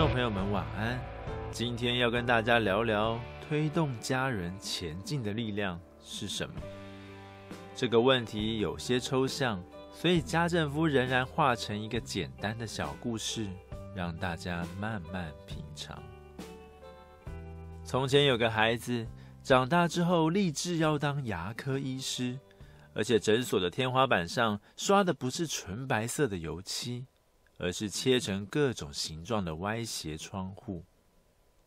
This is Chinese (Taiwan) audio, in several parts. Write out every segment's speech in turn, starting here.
聽眾朋友們，晚安。今天要跟大家聊聊推動家人前進的力量是什麼？這個問題有些抽象，所以家政夫仍然化成一個簡單的小故事，讓大家慢慢品嘗。從前有個孩子，長大之後立志要當牙科醫師，而且診所的天花板上刷的不是純白色的油漆。而是切成各種形狀的歪斜窗戶，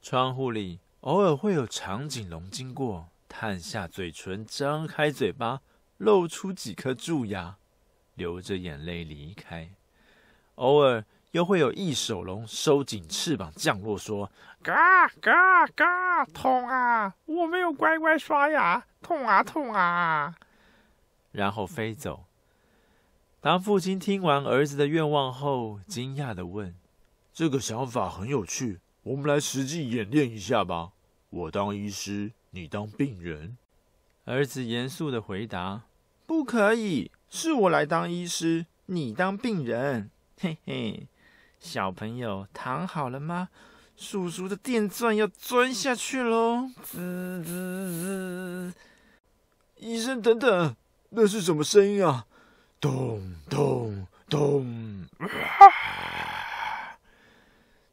窗戶裡偶爾會有長頸龍經過，探下嘴唇，張開嘴巴，露出幾顆蛀牙，流着眼淚離開。偶爾又會有翼手龍收緊翅膀降落，說：“嘎嘎嘎，痛啊！我沒有乖乖刷牙，痛啊痛啊！”然後飛走。當父親聽完兒子的願望後，驚訝地問：“這個想法很有趣，我們來實際演練一下吧。我當醫師，你當病人。”兒子嚴肅地回答：“不可以，是我來當醫師，你當病人。”嘿嘿，小朋友躺好了嗎？叔叔的電鑽要鑽下去嘍！滋滋滋！醫生，等等，那是什麼聲音啊？咚咚咚、啊！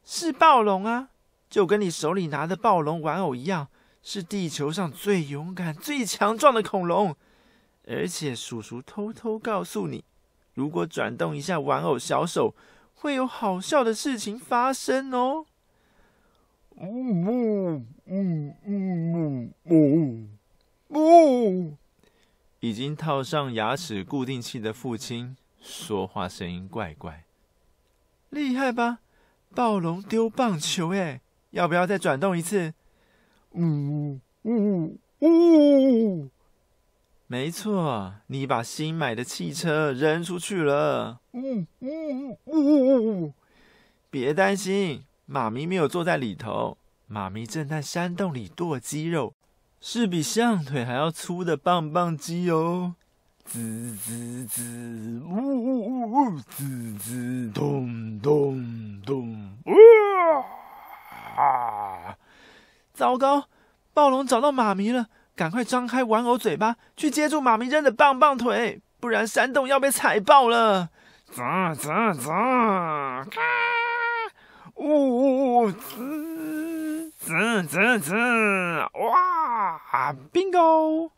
是暴龍啊，就跟你手裡拿的暴龍玩偶一樣，是地球上最勇敢、最強壯的恐龍。而且叔叔偷偷偷告訴你，如果轉動一下玩偶小手，會有好笑的事情發生哦。嗯嗯嗯嗯嗯嗯已經套上牙齒固定器的父親說話聲音怪怪，厲害吧？暴龍丟棒球誒，要不要再轉動一次？嗚嗚嗚嗚！沒錯，你把新買的汽車扔出去了。嗚嗚嗚嗚！別擔心，媽咪沒有坐在裡頭，媽咪正在山洞裡剁雞肉。是比象腿還要粗的棒棒雞哦！滋滋滋，嗚嗚嗚嗚，滋滋咚咚咚，哇！糟糕，暴龍找到媽咪了，趕快張開玩偶嘴巴去接住媽咪扔的棒棒腿，不然山洞要被踩爆了！走走走，嗚嗚嗚！滋滋滋！哇啊，bingo！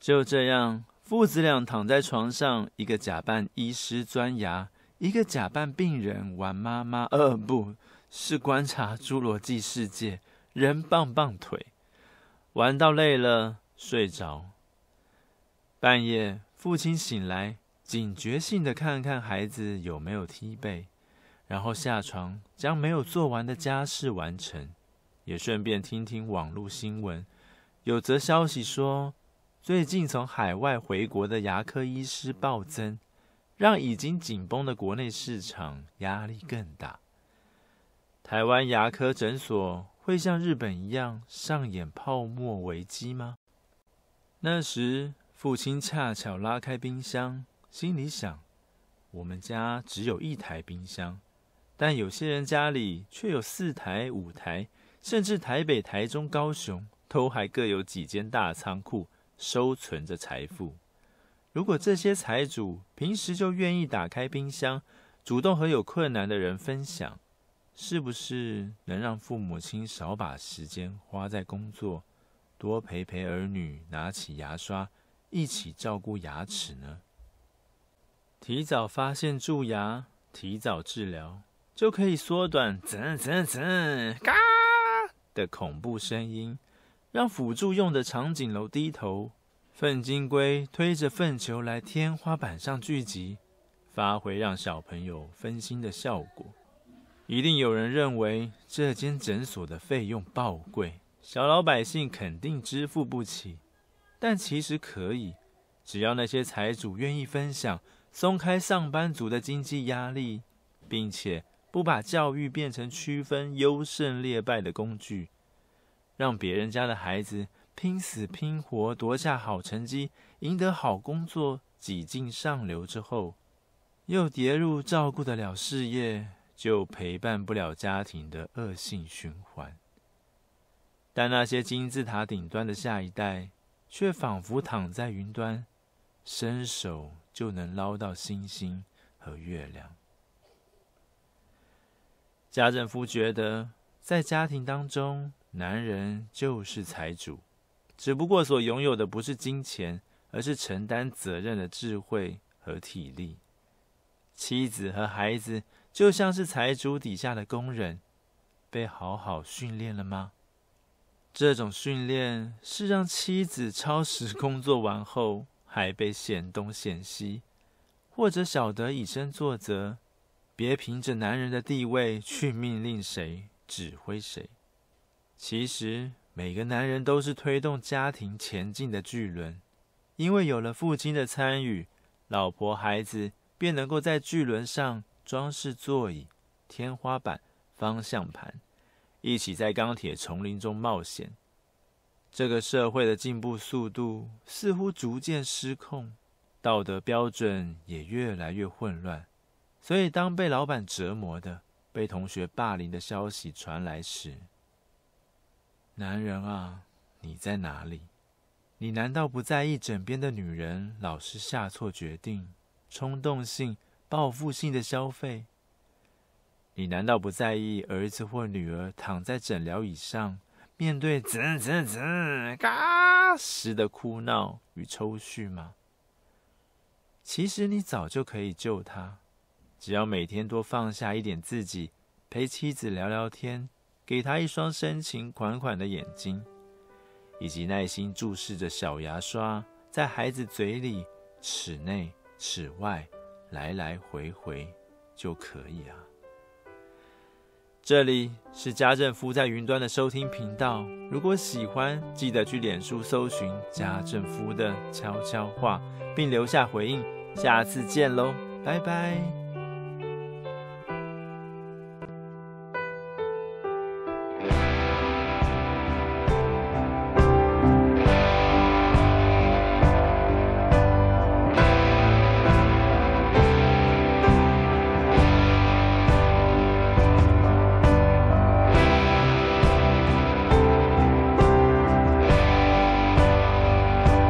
就這樣，父子倆躺在床上，一個假扮醫師鑽牙，一個假扮病人玩媽媽二。呃，不是觀察侏羅紀世界，人棒棒腿。玩到累了，睡着。半夜，父親醒來，警覺性的看看孩子有沒有踢被，然後下床將沒有做完的家事完成。也順便聽聽網絡新聞，有則消息說，最近從海外回國的牙科醫師暴增，讓已經緊繃的國內市場壓力更大。台灣牙科診所會像日本一樣上演泡沫危機嗎？那時，父親恰巧拉開冰箱，心裡想：我們家只有一台冰箱，但有些人家裡卻有四台、五台。甚至台北、台中、高雄都還各有幾間大倉庫，收存着財富。如果這些財主平時就願意打開冰箱，主動和有困難的人分享，是不是能讓父母親少把時間花在工作，多陪陪兒女，拿起牙刷，一起照顧牙齒呢？提早發現蛀牙，提早治療，就可以縮短怎怎怎？的恐怖聲音，讓輔助用的長頸鹿低頭，糞金龜推着糞球來天花板上聚集，發揮讓小朋友分心的效果。一定有人認為這間診所的費用暴貴，小老百姓肯定支付不起。但其實可以，只要那些財主願意分享，鬆開上班族的經濟壓力，並且。不把教育變成區分優勝劣敗的工具，讓別人家的孩子拼死拼活奪下好成績，贏得好工作，擠進上流之後，又跌入照顧得了事業就陪伴不了家庭的惡性循環。但那些金字塔頂端的下一代，卻仿佛躺在雲端，伸手就能撈到星星和月亮。家政夫覺得，在家庭當中，男人就是財主，只不過所擁有的不是金錢，而是承擔責任的智慧和體力。妻子和孩子就像是財主底下的工人，被好好訓練了嗎？這種訓練是讓妻子超時工作完後還被嫌東嫌西，或者曉得以身作則？別憑着男人的地位去命令誰、指揮誰。其實，每個男人都是推動家庭前進的巨輪，因為有了父親的參與，老婆孩子便能夠在巨輪上裝飾座椅、天花板、方向盤，一起在鋼鐵叢林中冒險。這個社會的進步速度似乎逐漸失控，道德標準也越來越混亂。所以，當被老闆折磨的、被同學霸凌的消息傳來時，男人啊，你在哪裡？你難道不在意枕邊的女人老是下錯決定、衝動性、報復性的消費？你難道不在意兒子或女兒躺在診療椅上，面對吱吱吱嘎吱的哭鬧與抽搐嗎？其實，你早就可以救他。只要每天多放下一點自己，陪妻子聊聊天，給她一雙深情款款的眼睛，以及耐心注視着小牙刷在孩子嘴裡、齒內、齒外來來回回，就可以啊。這裡是家政夫在雲端的收聽頻道。如果喜歡，記得去臉書搜尋家政夫的悄悄話，並留下回應。下次見嘍，拜拜。